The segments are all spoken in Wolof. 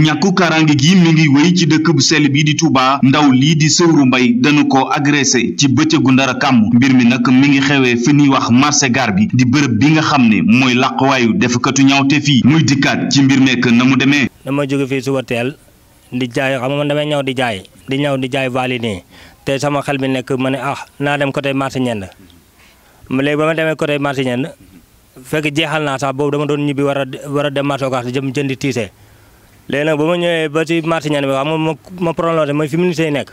ñàkku karange gi mi ngi wéy ci dëkk bu sell bi di Touba ndaw lii di Sëwru Mbay dañu ko agressé ci bëccëgu ndara kàmm mbir mi nag mi ngi xewee fi ñuy wax marché gaar bi di bërëb bi nga xam ne mooy làquwaayu ñaw ñaawte fii muy dikkaat ci mbir mekk na mu demee ma jóge fii suba teel di jaay xam man damay ñëw di jaay di ñëw di jaay vaali nii te sama xel bi nekk ma ne ah naa dem côté marché ñend léegi ba ma demee côté marché ñend fekk jeexal naa sax boobu dama doon ñibbi war a war a dem marché Ocass jëm jëndi tiise léegi nag ba ma ñëwee ba ci marché ñan bi xam nga ma ma prolongé mooy fi ministère yi nekk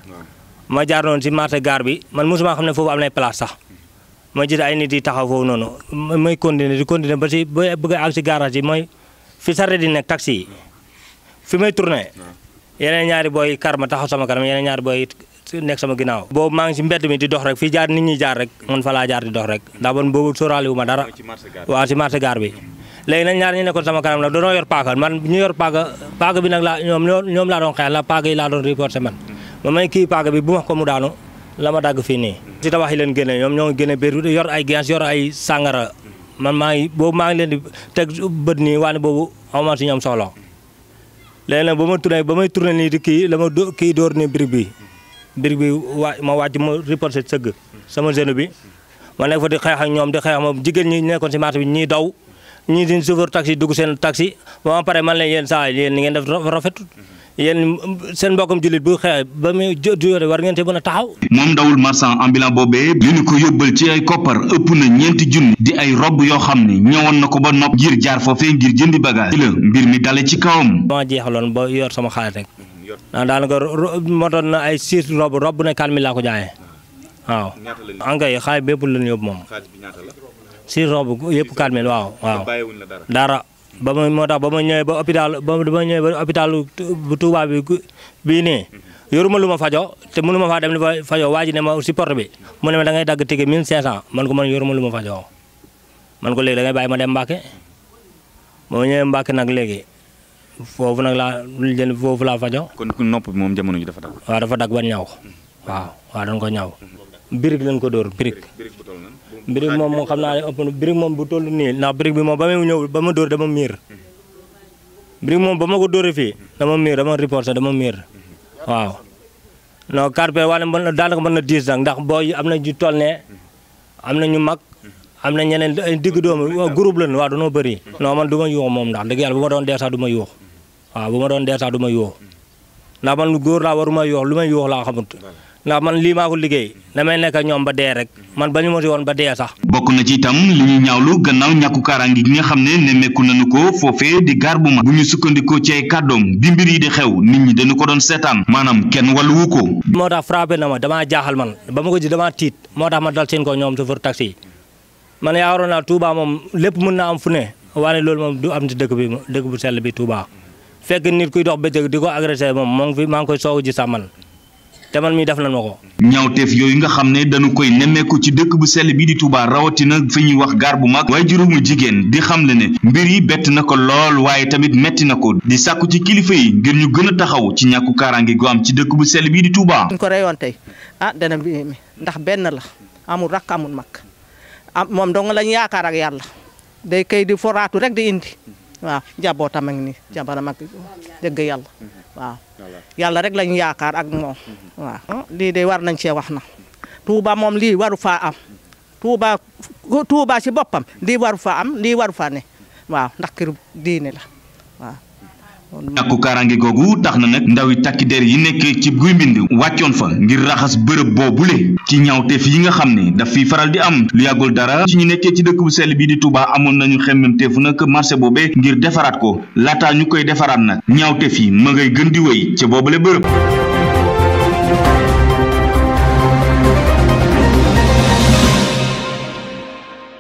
ma jaar noonu ci marché gaar bi man mosuma xam ne foofu am nay place sax ma gis ay nit yi taxaw foofu noonu may continuer di continuer ba ci ba bëgg a àgg ci garage yi mooy fi sareet di nekk taxi yi fi may tourné yeneen ñaari booy kar ma taxaw sama kanam yeneen ñaari booy nekk sama ginnaaw boobu maa ngi ci mbedd mi di dox rek fii jaar nit ñi jaar rek man fa laa jaar di dox rek ndax man boobu sóoraale wu ma dara waa ci marché gaar bi léegi na ñaar ñi nekkoon sama kanam nag dañoo yor paaka man ñu yor paaka bi nag laa ñoom ñoom laa doon xeex la paaka yi laa doon reporté man ma may kii paaka bi bu ma ko mu daanu la ma dagg fii nii si tabax yi leen génne ñoom ñoo ngi génne biir yor ay gens yor ay sàngara man maa ngi boobu maa ngi leen di teg bët nii waane boobu awma si ñoom soxla léegi nag ba ma tourné ba may tourné nii di kii la ma kii dóor ni birig bi bi waa ma wàcc ma reporté sëgg sama jeune bi ma nekk fa di xeex ak ñoom di xeex ñi nekkoon si marché bi ñii di chauffeur taxi dugg seen taxi ba ma pare man leen yéen saa yéen ni ngeen def rafetut yéen ba muy juyore war ngeen te mën a taxaw. moom ndawul marchand ambulant ko yóbbal ci ay koppar ëpp na ñeenti junni di ay robb yoo xam ne ñëwoon na ko ba nopp ngir jaar foofee ngir jëndi bagage. la mbir mi dale ci kawam. ma jeexaloon yor sama xaalis rek ah daanaka motoon na ay six rob rob bu ne laa ko jaayee waaw. ñaata la xaalis bépp la yóbbu moom. si robe yëpp kaamil waaw waaw dara ba ma moo tax ba ma ñëwee ba hôpital ba ma ñëwee ba hôpital bu Touba bi bii mhm. yoruma lu ma fajo te mënu ma faa dem li ma waa ne ma si porte bi mu ne ma da ngay dagg tike 1500 man ko man yoruma lu ma fajoo man ko léegi da ngay ma dem Mbàkke moo ñëwee Mbàkke nag léegi foofu nag laa jël foofu laa fajo kon nopp bi moom jamono ji dafa dagg. waaw dagg ba ñaw mhm. waaw waaw dañ ñaw. Mhm. birig lan ko door birig birig moom moo xam naa ne ëpp na birig moom bu toll nii ndax birig bi moom ba muy ñëw ba ma dóor dama miir mhm. birig moom ba ma ko dóoree fii dama miir dama reporté dama miir mhm. waaw non carpe wala mën na daanaka mën na diis nag ndax booy am na ji tol ne mhm. am na ñu mag am na ñeneen ay digg doomu groupe lañ waaw dañoo bëri non man du ma yuux moom ndax dëgg yàlla bu ma doon dee du ma yuux waaw bu ma doon dee sax du ma yuux ndax man góor laa waruma yuux lu may yuux laa xamut ndax man lii maa ko liggéey damay nekk ñoom ba dee rek man ba ñu ma si woon ba dee sax. bokk na ci itam li ñu ñaawlu gannaaw ñàkku kaaraange gi nga xam ne nemmeeku nañu ko foofee di gaar bu mag bu ñu sukkandikoo ci ay kàddoom bi mbir yi di xew nit ñi dañu ko doon seetaan maanaam kenn wàlluwu ko. moo tax frappé na ma damaa jaaxal man ba ma ko ji damaa tiit moo tax ma dal seen ko ñoom chauffeur taxi yi man yaakaaroon naa Touba moom lépp mën naa am fu ne waaye loolu moom du am ci dëkk dëkk bu sell bi Touba fekk nit kuy dox bëccëg di ko agressé moom moo maa ngi koy soog ji sax te man def lan ma ko. yooyu nga xam ne dañu koy nemmeeku ci dëkk bu sell bi di Touba rawatina fi ñuy wax gaar bu mag waaye juróomu jigéen di xam le ne mbir yi bett na ko lool waaye tamit metti na ko di sàkku ci kilifa yi ngir ñu gën a taxaw ci ñàkku kaaraangi gu am ci dëkk bu sell bii di Touba. ñu ko reyoon tey ah dana ndax benn la amul rakk amul mag am ah, moom dong lañ yaakaar ak yàlla day kay di foraatu rek di indi waaw njabootam ak ni jabaram ak dëgg waaw yàlla rek lañ yaakaar ak moom mm-hmm. waaw oh, lii de war nañ cee wax na Touba moom lii waru faa am Touba Touba ci boppam lii waru faa am lii waru faa ne waaw ndax kër diine la waaw ñàkku kaaraange googu tax na nag ndawi takki der yi nekkee ci guy mbind wàccoon fa ngir raxas bërëb boobu le ci ñaawteef yi nga xam ne daf fiy faral di am lu yàggul dara ci ñu nekkee ci dëkk bu sell bii di Touba amoon nañu xemmem teefu nag marché boobee ngir defaraat ko laataa ñu koy defaraat nag ñaawteef yi ma ngay gën di wéy ca boobule bërëb